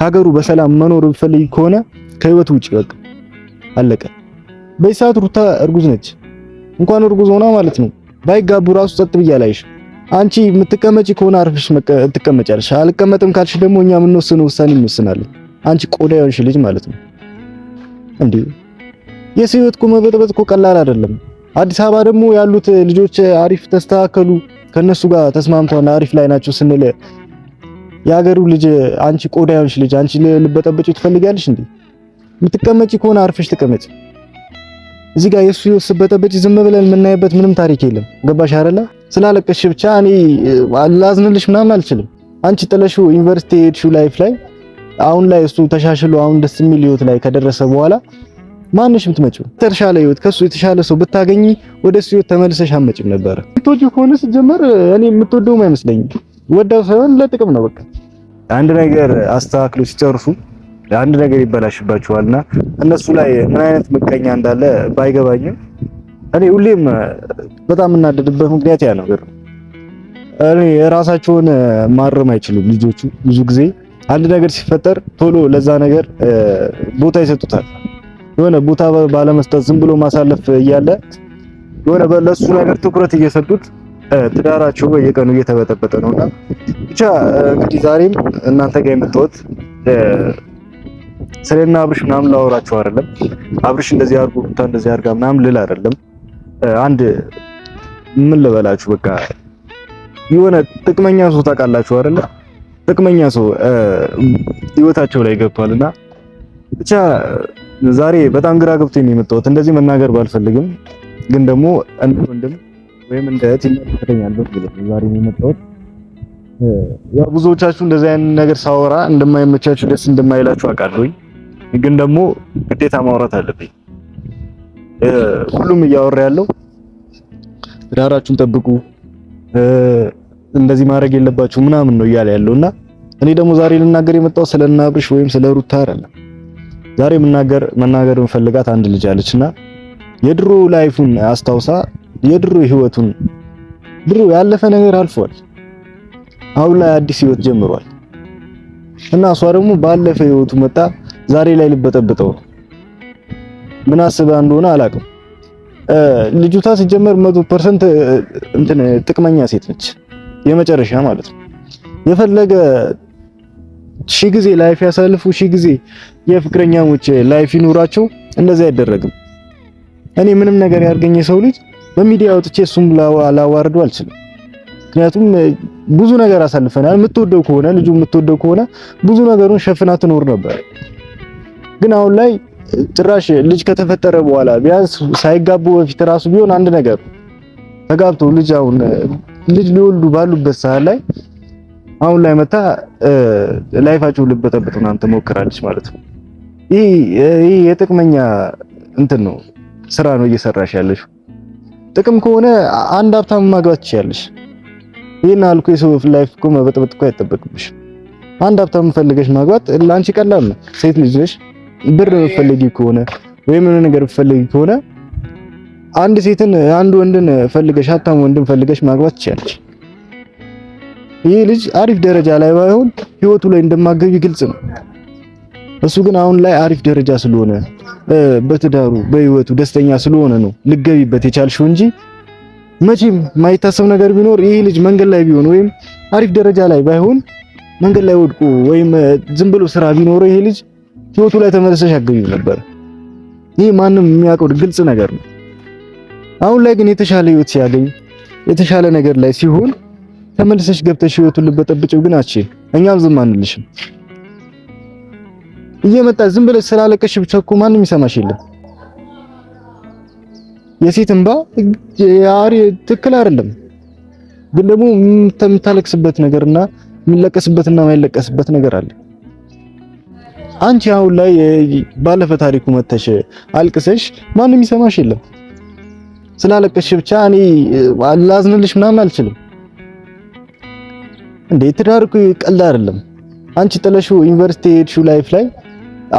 ከሀገሩ በሰላም መኖር ፈልግ ከሆነ ከህይወቱ ውጪ በቃ አለቀ። በዚህ ሰዓት ሩታ እርጉዝ ነች። እንኳን እርጉዝ ሆና ማለት ነው ባይጋቡ ራሱ ጸጥ ብያ ላይሽ አንቺ የምትቀመጪ ከሆነ አርፍሽ ትቀመጫለሽ። አልቀመጥም ካልሽ ደግሞ እኛ የምንወስነው ውሳኔ እንወስናለን። አንቺ ቆዳ የሆንሽ ልጅ ማለት ነው እንዴ! የሰው ህይወት እኮ መበጥበጥ እኮ ቀላል አይደለም። አዲስ አበባ ደግሞ ያሉት ልጆች አሪፍ ተስተካከሉ፣ ከነሱ ጋር ተስማምተዋል፣ አሪፍ ላይ ናቸው ስንል የሀገሩ ልጅ አንቺ ቆዳ ያንሽ ልጅ አንቺ ልበጠበጭ ትፈልጊያለሽ እንዴ? የምትቀመጪ ከሆነ አርፈሽ ተቀመጪ። እዚህ ጋር የሱ ህይወት ስትበጠበጪ ዝም ብለን የምናይበት ምንም ታሪክ የለም። ገባሽ አይደለ? ስላለቀሽ ብቻ እኔ ላዝንልሽ ምናምን አልችልም። አንቺ ጥለሹ ዩኒቨርሲቲ የሄድሽው ላይፍ ላይ አሁን ላይ እሱ ተሻሽሎ አሁን ደስ የሚል ህይወት ላይ ከደረሰ በኋላ ማንሽ የምትመጪው የተሻለ ህይወት ከሱ የተሻለ ሰው ብታገኝ ወደ እሱ ህይወት ተመልሰሽ አትመጭም ነበር። የምትወጂው ከሆነ ስትጀመር እኔ የምትወደውም አይመስለኝም። ወዳው ሳይሆን ለጥቅም ነው በቃ አንድ ነገር አስተካክሎ ሲጨርሱ አንድ ነገር ይበላሽባችኋልና እነሱ ላይ ምን አይነት ምቀኛ እንዳለ ባይገባኝም እኔ ሁሌም በጣም እናደድበት ምክንያት ያ ነገር ነው። እኔ ራሳቸውን ማረም አይችሉም ልጆቹ። ብዙ ጊዜ አንድ ነገር ሲፈጠር ቶሎ ለዛ ነገር ቦታ ይሰጡታል። የሆነ ቦታ ባለመስጠት ዝም ብሎ ማሳለፍ እያለ የሆነ ለሱ ነገር ትኩረት እየሰጡት ትዳራችሁ በየቀኑ እየተበጠበጠ ነውና ብቻ እንግዲህ ዛሬም እናንተ ጋር የመጣሁት ስለና አብርሽ ምናምን ላወራችሁ አይደለም። አብርሽ እንደዚህ አድርጎ ብታ እንደዚህ አድርጋ ምናምን ልል አይደለም። አንድ ምን ልበላችሁ፣ በቃ የሆነ ጥቅመኛ ሰው ታውቃላችሁ አይደለ? ጥቅመኛ ሰው ህይወታቸው ላይ ገብቷልና ብቻ ዛሬ በጣም ግራ ገብቶ ነው እንደዚህ መናገር ባልፈልግም ግን ደግሞ እንደ ወንድም ወይም እንደ እህት ይመለከተኛል ዛሬ የመጣሁት። ያው ብዙዎቻችሁ እንደዚህ አይነት ነገር ሳወራ እንደማይመቻችሁ ደስ እንደማይላችሁ አውቃለሁኝ፣ ግን ደግሞ ግዴታ ማውራት አለብኝ። ሁሉም እያወራ ያለው ትዳራችሁን ጠብቁ፣ እንደዚህ ማድረግ የለባችሁ ምናምን ነው እያለ ያለውና እኔ ደግሞ ዛሬ ልናገር የመጣው ስለ እነ አብርሽ ወይም ስለ ሩታ አይደለም። ዛሬ መናገር መናገር እንፈልጋት አንድ ልጅ አለችና የድሮ ላይፉን አስታውሳ የድሮ ህይወቱን ድሮ ያለፈ ነገር አልፏል። አሁን ላይ አዲስ ህይወት ጀምሯል እና እሷ ደግሞ ባለፈ ህይወቱ መጣ ዛሬ ላይ ልበጠብጠው ነው። ምን አስባ እንደሆነ አላውቅም። ልጅቷ ሲጀመር 100% እንትን ጥቅመኛ ሴት ነች፣ የመጨረሻ ማለት ነው። የፈለገ ሺ ጊዜ ላይፍ ያሳልፉ፣ ሺ ጊዜ የፍቅረኛሞች ላይፍ ይኑራቸው፣ እንደዚህ አይደረግም። እኔ ምንም ነገር ያርገኝ ሰው ልጅ በሚዲያ ወጥቼ እሱም ላዋርደው አልችልም። ምክንያቱም ብዙ ነገር አሳልፈናል። የምትወደው ከሆነ ልጁ የምትወደው ከሆነ ብዙ ነገሩን ሸፍና ትኖር ነበር። ግን አሁን ላይ ጭራሽ ልጅ ከተፈጠረ በኋላ ቢያንስ ሳይጋቡ በፊት ራሱ ቢሆን አንድ ነገር ተጋብቶ ልጅ አሁን ልጅ ሊወልዱ ባሉበት ሰዓት ላይ አሁን ላይ መታ ላይፋቸው ልበጠበጥ ምናምን ትሞክራለች ማለት ነው። ይህ የጥቅመኛ እንትን ነው ስራ ነው እየሰራሽ ያለሽው። ጥቅም ከሆነ አንድ ሀብታም ማግባት ትችያለሽ። ይሄን አልኩ የሰው ላይፍ እኮ መበጥበጥ እኮ አይጠበቅብሽ። አንድ ሀብታም ፈልገሽ ማግባት ለአንቺ ቀላል ነው። ሴት ልጅ ነሽ። ብር ፈልጊ ከሆነ ወይም የሆነ ነገር ፈልጊ ከሆነ አንድ ሴትን አንድ ወንድን ፈልገሽ ሀብታም ወንድን ፈልገሽ ማግባት ትችያለሽ። ይህ ልጅ አሪፍ ደረጃ ላይ ባይሆን ህይወቱ ላይ እንደማገቢ ግልጽ ነው። እሱ ግን አሁን ላይ አሪፍ ደረጃ ስለሆነ በትዳሩ በህይወቱ ደስተኛ ስለሆነ ነው ልገቢበት የቻልሽው እንጂ መቼም ማይታሰብ ነገር ቢኖር ይሄ ልጅ መንገድ ላይ ቢሆን ወይም አሪፍ ደረጃ ላይ ባይሆን መንገድ ላይ ወድቆ ወይም ዝም ብሎ ስራ ቢኖረው ይሄ ልጅ ህይወቱ ላይ ተመለሰሽ ያገኙ ነበር። ይህ ማንም የሚያውቀው ግልጽ ነገር ነው። አሁን ላይ ግን የተሻለ ህይወት ሲያገኝ የተሻለ ነገር ላይ ሲሆን ተመልሰሽ ገብተሽ ህይወቱን ልበጠብጭው ግን አቺ እኛም ዝም አንልሽም። እየመጣ ዝም ብለሽ ስላለቀሽ ብቻ እኮ ማንም ይሰማሽ የለም። የሴት እንባ ያሪ ትክክል አይደለም። ግን ደግሞ የምታለቅስበት ነገርና የሚለቀስበትና የማይለቀስበት ነገር አለ። አንቺ አሁን ላይ ባለፈ ታሪኩ መተሽ አልቅሰሽ ማንም ይሰማሽ የለም። ስላለቀሽ ብቻ እኔ ላዝንልሽ ምናምን አልችልም። እንዴት ትዳር እኮ ቀልድ አይደለም። አንቺ ጥለሽው ዩኒቨርሲቲ ሄድሽው ላይፍ ላይ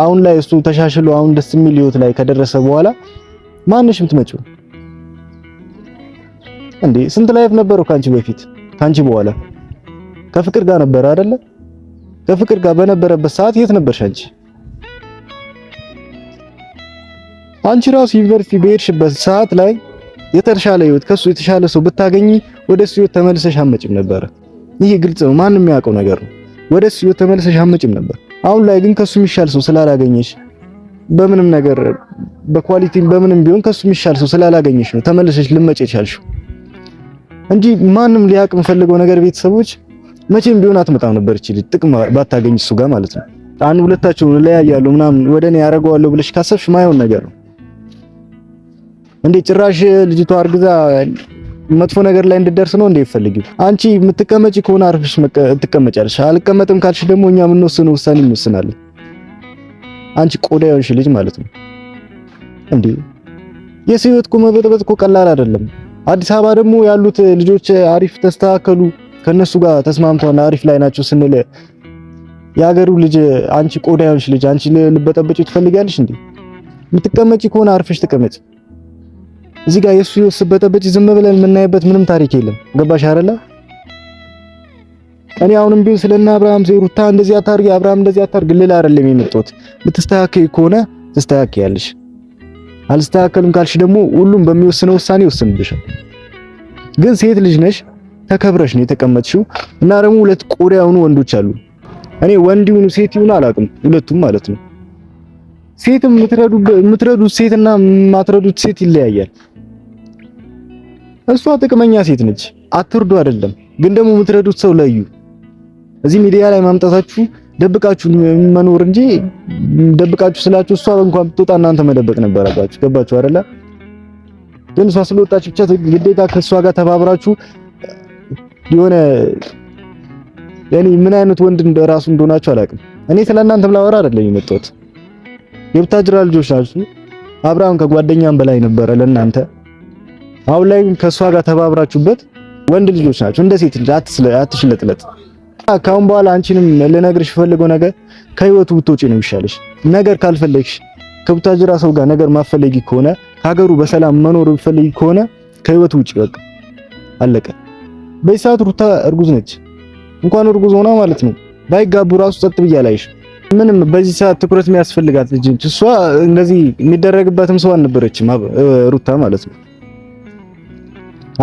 አሁን ላይ እሱ ተሻሽሎ አሁን ደስ የሚል ህይወት ላይ ከደረሰ በኋላ ማንሽ የምትመጪው እንዴ? ስንት ላይፍ ነበረው ካንቺ በፊት ካንቺ በኋላ ከፍቅር ጋር ነበረ አይደለ? ከፍቅር ጋር በነበረበት ሰዓት የት ነበርሽ አንቺ? አንቺ ራሱ ዩኒቨርሲቲ በሄድሽበት ሰዓት ላይ የተሻለ ህይወት ከሱ የተሻለ ሰው ብታገኝ ወደሱ ህይወት ተመልሰሽ አመጭም ነበረ። ይሄ ግልጽ ነው፣ ማንም የሚያውቀው ነገር ነው። ወደሱ ህይወት ተመልሰሽ አመጭም ነበር። አሁን ላይ ግን ከሱ የሚሻል ሰው ስላላገኘሽ በምንም ነገር በኳሊቲ በምንም ቢሆን ከሱ የሚሻል ሰው ስላላገኘሽ ነው ተመለሰሽ ልመጭ የቻልሽው እንጂ ማንም ሊያቅ የምፈልገው ነገር ቤተሰቦች መቼም ቢሆን አትመጣም ነበር እቺ ልጅ ጥቅም ባታገኝ እሱ ጋር ማለት ነው። አንድ ሁለታቸውን እለያያለሁ ምናምን ወደ እኔ ያደርገዋለሁ ብለሽ ካሰብሽ ማየውን ነገር ነው እንዴ! ጭራሽ ልጅቷ አርግዛ መጥፎ ነገር ላይ እንድደርስ ነው እንዴ ይፈልጊው? አንቺ የምትቀመጪ ከሆነ አርፈሽ ትቀመጫለሽ። አልቀመጥም ካልሽ ደግሞ እኛ የምንወስነው ውሳኔ እንወስናለን። አንቺ ቆዳ የሆንሽ ልጅ ማለት ነው እንዴ! የሰው ህይወት እኮ መበጥበጥ እኮ ቀላል አይደለም። አዲስ አበባ ደግሞ ያሉት ልጆች አሪፍ ተስተካከሉ፣ ከነሱ ጋር ተስማምተውና አሪፍ ላይ ናቸው ስንል የሀገሩ ልጅ አንቺ ቆዳ የሆንሽ ልጅ አንቺ ልበጠበጪው ትፈልጊያለሽ እንዴ? የምትቀመጪ ከሆነ አርፍሽ ተቀመጪ። እዚህ ጋር የሱ ህይወት ስበጠበጭ ዝም ብለን የምናይበት ምንም ታሪክ የለም። ገባሽ አይደለ? እኔ አሁንም ቢሆን ስለና አብርሃም ሩታ እንደዚህ አታርጊ፣ አብርሃም እንደዚህ አታርግ ልል አይደለም የመጣሁት። ብትስተካከይ ከሆነ ትስተካከያለሽ፣ አልስተካከልም ካልሽ ደግሞ ሁሉም በሚወስነው ውሳኔ ይወስንብሻል። ግን ሴት ልጅ ነሽ፣ ተከብረሽ ነው የተቀመጥሽው። እና ደግሞ ሁለት ቆዳ የሆኑ ወንዶች አሉ። እኔ ወንድ ይሁኑ ሴት ይሁኑ አላውቅም፣ ሁለቱም ማለት ነው። ሴት የምትረዱት ሴትና የማትረዱት ሴት ይለያያል። እሷ ጥቅመኛ ሴት ነች። አትርዱ አይደለም ግን ደግሞ የምትረዱት ሰው ለዩ። እዚህ ሚዲያ ላይ ማምጣታችሁ ደብቃችሁ መኖር እንጂ ደብቃችሁ ስላችሁ እሷ እንኳን ብትወጣ እናንተ መደበቅ ነበረባችሁ። ገባችሁ አይደለ? ግን እሷ ስለወጣች ብቻ ግዴታ ከእሷ ጋር ተባብራችሁ የሆነ ያኔ ምን አይነት ወንድ እንደራሱ እንደሆናችሁ አላውቅም። እኔ ስለእናንተም ላወራ አይደለም የመጣሁት። የብታጅራ ልጆች ናችሁ። አብርሃም ከጓደኛም በላይ ነበረ ለእናንተ አሁን ላይ ከእሷ ጋር ተባብራችሁበት ወንድ ልጆች ናቸው። እንደ ሴት ልጅ አትሽለጥለጥ። ካሁን በኋላ አንቺንም ልነግርሽ ፈልገው ነገር ከህይወቱ ብትወጪ ነው ይሻለሽ። ነገር ካልፈለግሽ ከቡታጅራ ሰው ጋር ነገር ማፈለጊ ከሆነ ሀገሩ በሰላም መኖር ፈልጊ ከሆነ ከህይወቱ ውጪ በቃ አለቀ። በዚህ ሰዓት ሩታ እርጉዝ ነች። እንኳን እርጉዝ ሆና ማለት ነው ባይጋቡ ራሱ ጸጥ ብያ ላይሽ ምንም በዚህ ሰዓት ትኩረት የሚያስፈልጋት ልጅ እሷ እንደዚህ የሚደረግባትም ሰው አልነበረችም ሩታ ማለት ነው።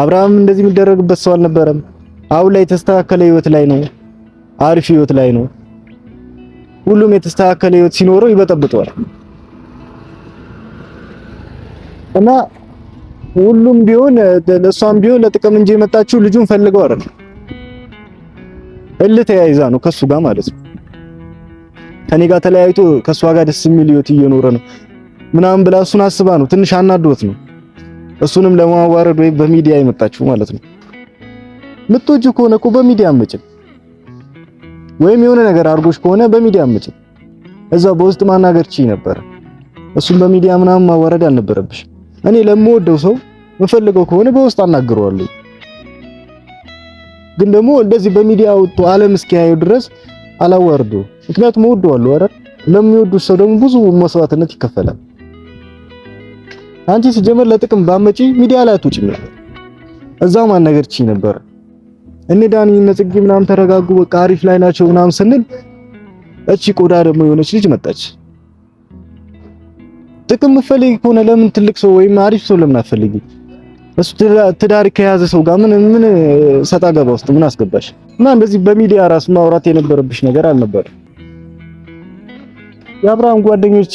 አብርሃም እንደዚህ የሚደረግበት ሰው አልነበረም። አሁን ላይ የተስተካከለ ህይወት ላይ ነው፣ አሪፍ ህይወት ላይ ነው። ሁሉም የተስተካከለ ህይወት ሲኖረው ይበጠብጠዋል። እና ሁሉም ቢሆን እሷም ቢሆን ለጥቅም እንጂ የመጣችው ልጁን ፈልገው አይደል፣ እልህ ተያይዛ ነው ከሱ ጋር ማለት ነው። ከኔ ጋር ተለያይቶ ከሷ ጋር ደስ የሚል ህይወት እየኖረ ነው ምናምን ብላ እሱን አስባ ነው። ትንሽ አናዶት ነው እሱንም ለማዋረድ ወይም በሚዲያ የመጣችሁ ማለት ነው። ምትወጁ ከሆነ እኮ በሚዲያ አመጭም ወይም የሆነ ነገር አድርጎሽ ከሆነ በሚዲያ አመጭም እዛው በውስጥ ማናገር ችይ ነበረ። እሱን በሚዲያ ምናምን ማዋረድ አልነበረብሽ። እኔ ለምወደው ሰው የምፈልገው ከሆነ በውስጥ አናግረዋለሁ። ግን ደግሞ እንደዚህ በሚዲያ ወጥቶ ዓለም እስኪያየው ድረስ አላዋርደው። ምክንያቱም እወደዋለሁ። ኧረ ለሚወዱት ሰው ደግሞ ብዙ መስዋዕትነት ይከፈላል። አንቺ ሲጀመር ለጥቅም ባመጪ ሚዲያ ላይ አትወጪ ነበር። እዛው ማን ነገር ቺ ነበር እኔ ዳኒ እነ ጽጌ ምናምን ተረጋጉ፣ በቃ አሪፍ ላይ ናቸው ምናምን ስንል እቺ ቆዳ ደግሞ የሆነች ልጅ መጣች። ጥቅም ምፈልጊ ከሆነ ለምን ትልቅ ሰው ወይም አሪፍ ሰው ለምን አትፈልጊ? እሱ ትዳር ከያዘ ሰው ጋር ምን ምን ሰጣ ገባ ውስጥ ምን አስገባሽ? እና እንደዚህ በሚዲያ ራስ ማውራት የነበረብሽ ነገር አልነበረ። የአብርሃም ጓደኞች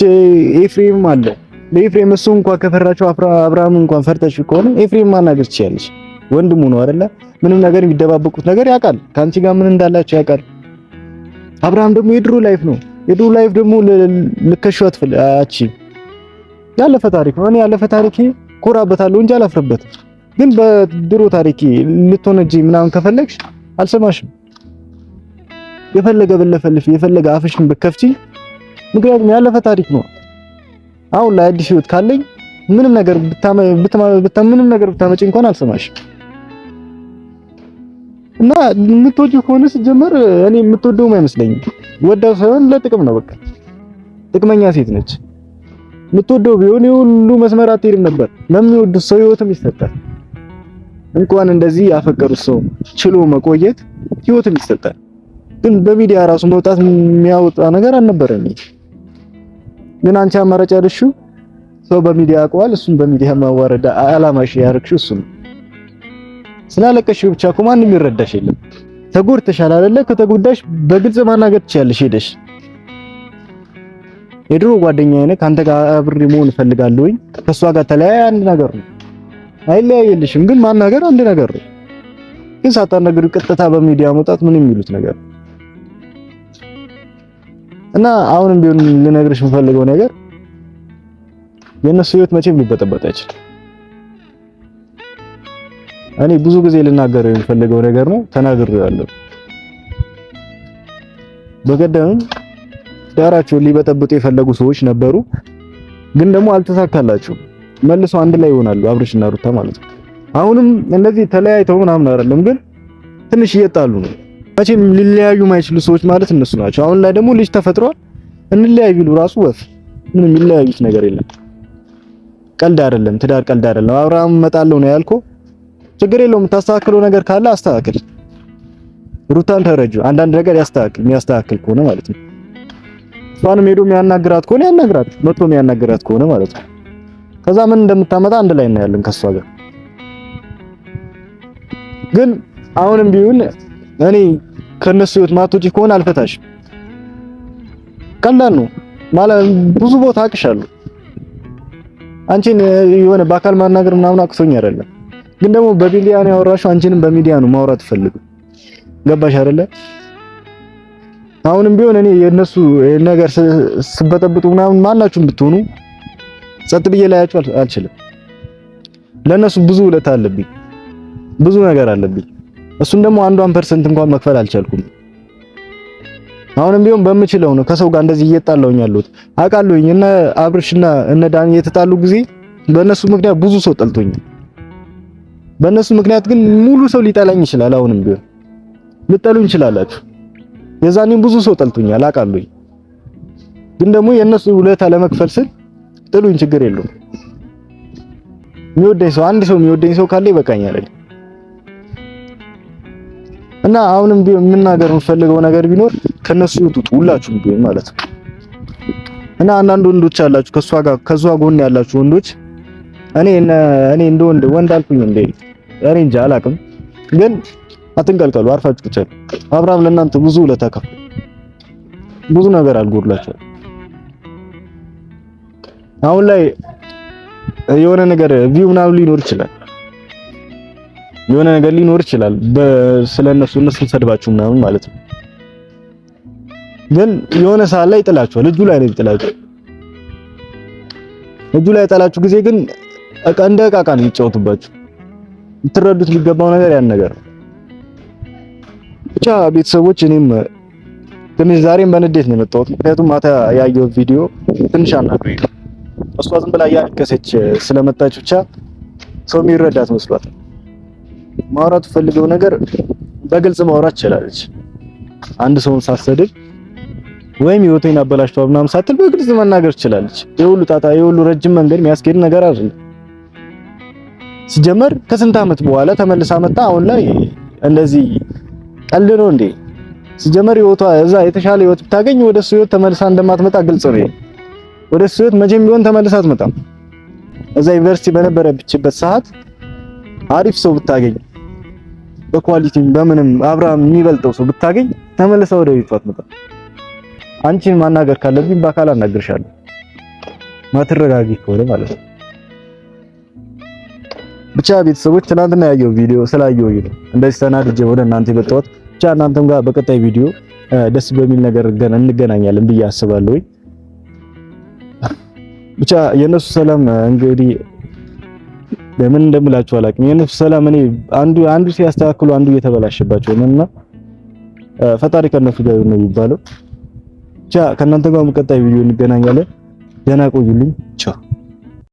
ኤፍሬም አለ ለኤፍሬም እሱ እንኳን ከፈራቸው አብርሃም እንኳን ፈርተሽ ከሆነ ኤፍሬም ማናገር ትችያለሽ። ወንድሙ ነው አይደለ? ምንም ነገር የሚደባበቁት ነገር ያውቃል። ከአንቺ ጋር ምን እንዳላቸው ያውቃል። አብርሃም ደግሞ የድሮ ላይፍ ነው። የድሮ ላይፍ ደግሞ ልከሽው አቺ ያለፈ ታሪክ ነው። እኔ ያለፈ ታሪኬ ኮራበታለሁ እንጂ አላፍርበትም። ግን በድሮ ታሪኬ ልትሆነጂ ምናምን ከፈለግሽ አልሰማሽም። የፈለገ ብለፈልፍ የፈለገ አፍሽን ብከፍቺ፣ ምክንያቱም ያለፈ ታሪክ ነው። አሁን ላይ አዲስ ህይወት ካለኝ ምንም ነገር ምንም ነገር ብታመጪ እንኳን አልሰማሽ እና የምትወጂው ከሆነ ስትጀምር እኔ የምትወደውም አይመስለኝም። ወዳው ሳይሆን ለጥቅም ነው። በቃ ጥቅመኛ ሴት ነች። የምትወደው ቢሆን የሁሉ መስመር አትሄድም ነበር። ለሚወዱት ሰው ህይወትም ይሰጣል። እንኳን እንደዚህ ያፈቀሩት ሰው ችሎ መቆየት ህይወትም ይሰጣል። ግን በሚዲያ ራሱ መውጣት የሚያወጣ ነገር አልነበረም። ግን አንቺ አማራጭ ያለሽው ሰው በሚዲያ ያውቀዋል። እሱን በሚዲያ ማዋረድ አላማሽ ያደረግሽው እሱ ነው። ስላለቀሽ ብቻ እኮ ማንም ይረዳሽ የለም። ተጎድተሻል አይደለ? ከተጎዳሽ በግልጽ ማናገር ትችያለሽ ሄደሽ የድሮ ጓደኛዬ ነህ፣ ካንተ ጋር አብሬ መሆን ወይ? ከሷ ጋር ተለያየ አንድ ነገር ነው። አይለያየልሽም፣ ግን ማናገር አንድ ነገር ነው። ግን ሳታናግሪው ቀጥታ በሚዲያ መውጣት ምን የሚሉት ነገር ነው? እና አሁንም ቢሆን ልነግርሽ የምፈልገው ነገር የእነሱ ህይወት መቼም ሊበጠበጥ አይችልም። እኔ ብዙ ጊዜ ልናገረው የምፈልገው ነገር ነው፣ ተናግሬዋለሁ። በቀደምም ዳራቸውን ሊበጠብጡ የፈለጉ ሰዎች ነበሩ፣ ግን ደግሞ አልተሳካላቸውም። መልሶ አንድ ላይ ይሆናሉ፣ አብርሽና ሩታ ማለት ነው። አሁንም እንደዚህ ተለያይተው ምናምን አይደለም፣ ግን ትንሽ እየጣሉ ነው መቼም ሊለያዩ የማይችሉ ሰዎች ማለት እነሱ ናቸው። አሁን ላይ ደግሞ ልጅ ተፈጥሯል። እንለያዩ ነው ራሱ ወፍ ምንም ይለያዩት ነገር የለም። ቀልድ አይደለም፣ ትዳር ቀልድ አይደለም። አብርሃም እመጣለሁ ነው ያልኮ፣ ችግር የለውም። የምታስተካክለው ነገር ካለ አስተካክል። ሩታን ተረጁ፣ አንዳንድ ነገር ያስተካክል። የሚያስተካክል ከሆነ ማለት ነው። እሷንም ሄዶ የሚያናግራት ከሆነ ያናግራት፣ መጥቶ የሚያናግራት ከሆነ ማለት ነው። ከዛ ምን እንደምታመጣ አንድ ላይ እናያለን ከሷ ጋር ግን አሁንም ቢሆን እኔ ከነሱ ህይወት ማትወጪ ከሆነ አልፈታሽም። ቀላል ነው ማለት ብዙ ቦታ አቅሻለሁ። አንቺን የሆነ በአካል ማናገር ምናምን አቅቶኝ አይደለም፣ ግን ደግሞ በሚዲያ ነው ያወራሽው። አንቺንም በሚዲያ ነው ማውራት ፈልጉ። ገባሽ አይደለ? አሁንም ቢሆን እኔ የነሱ ነገር ስበጠብጡ ምናምን ማናችሁም ብትሆኑ ጸጥ ብዬ ላያችሁ አልችልም። ለነሱ ብዙ ውለታ አለብኝ፣ ብዙ ነገር አለብኝ። እሱን ደግሞ አንዷን ፐርሰንት እንኳን መክፈል አልቻልኩም። አሁንም ቢሆን በምችለው ነው ከሰው ጋር እንደዚህ እየጣላሁኝ ያሉት አውቃለሁኝ እነ አብርሽና እነ ዳን የተጣሉ ጊዜ በእነሱ ምክንያት ብዙ ሰው ጠልቶኝ፣ በእነሱ ምክንያት ግን ሙሉ ሰው ሊጠላኝ ይችላል። አሁንም ቢሆን ልጠሉኝ ይችላላችሁ። የዛኔም ብዙ ሰው ጠልቶኛል አውቃለሁኝ። ግን ደግሞ የእነሱ ውለታ ለመክፈል ስል ጥሉኝ፣ ችግር የለውም። የሚወደኝ ሰው አንድ ሰው የሚወደኝ ሰው ካለ ይበቃኛል። እና አሁንም ቢሆን የምናገር የምፈልገው ነገር ቢኖር ከነሱ ይውጡት ሁላችሁም ቢሆን ማለት ነው። እና አንዳንድ ወንዶች አላችሁ ከሷ ጋር ከሷ ጎን ያላችሁ ወንዶች እኔ እኔ እንደ ወንድ ወንድ አልኩኝ እንዴ እኔ እንጃ አላውቅም፣ ግን አትንቀልቀሉ፣ አርፋችሁ ብቻ አብርሃም ለእናንተ ብዙ ውለታ ከፍሏል፣ ብዙ ነገር አልጎድላችኋል። አሁን ላይ የሆነ ነገር ቪው ምናምን ሊኖር ይችላል የሆነ ነገር ሊኖር ይችላል ስለ እነሱ እነሱ ሰድባችሁ ምናምን ማለት ነው። ግን የሆነ ሰዓት ላይ ይጥላችኋል። እጁ ላይ ነው ይጥላችሁ። እጁ ላይ የጣላችሁ ጊዜ ግን እቃ እንደ እቃ ነው የሚጫወቱባችሁ። ልትረዱት የሚገባው ነገር ያን ነገር ብቻ ቤተሰቦች እኔም ትንሽ ዛሬም በንዴት ነው የመጣሁት። ምክንያቱም ማታ ያየው ቪዲዮ ትንሽ አናግሮኝ እሷ ዝም ብላ እያለቀሰች ስለመጣች ብቻ ሰው የሚረዳት መስሏት ማውራት ፈልገው ነገር በግልጽ ማውራት ትችላለች። አንድ ሰውን ሳሰድብ ወይም ህይወቴን አበላሽቷል ምናምን ሳትል በግልጽ መናገር ትችላለች። የሁሉ ጣጣ የሁሉ ረጅም መንገድ የሚያስኬድ ነገር አይደለም። ሲጀመር ከስንት ዓመት በኋላ ተመልሳ መጣ አሁን ላይ እንደዚህ ቀልድ ነው እንዴ? ሲጀመር ህይወቷ እዛ የተሻለ ህይወት ብታገኝ ወደ እሱ ህይወት ተመልሳ እንደማትመጣ ግልጽ ነው። ወደ እሱ ህይወት መቼም ቢሆን ተመልሳ አትመጣም። እዛ ዩኒቨርሲቲ በነበረችበት ሰዓት አሪፍ ሰው ብታገኝ በኳሊቲም በምንም አብርሃም የሚበልጠው ሰው ብታገኝ ተመልሰ ወደ ቤቷ አትመጣም። አንቺን ማናገር ካለብኝ በአካል አናግርሻለሁ። ማትረጋጊ ከሆነ ማለት ነው። ብቻ ቤተሰቦች ትናንትና ያየው ቪዲዮ ስላየው ይሄ እንደዚህ ተናድጄ ወደ እናንተ የመጣሁት። ብቻ እናንተም ጋር በቀጣይ ቪዲዮ ደስ በሚል ነገር እንገናኛለን ብዬ አስባለሁ። ብቻ የእነሱ ሰላም እንግዲህ ለምን እንደምላችሁ አላውቅም። የነፍስ ሰላም እኔ አንዱ አንዱ ሲያስተካክሉ አንዱ እየተበላሸባቸው ነውና ፈጣሪ ከነሱ ጋር ነው የሚባለው። ብቻ ከእናንተ ጋር በቀጣይ ቪዲዮ እንገናኛለን። ደህና ቆዩልኝ።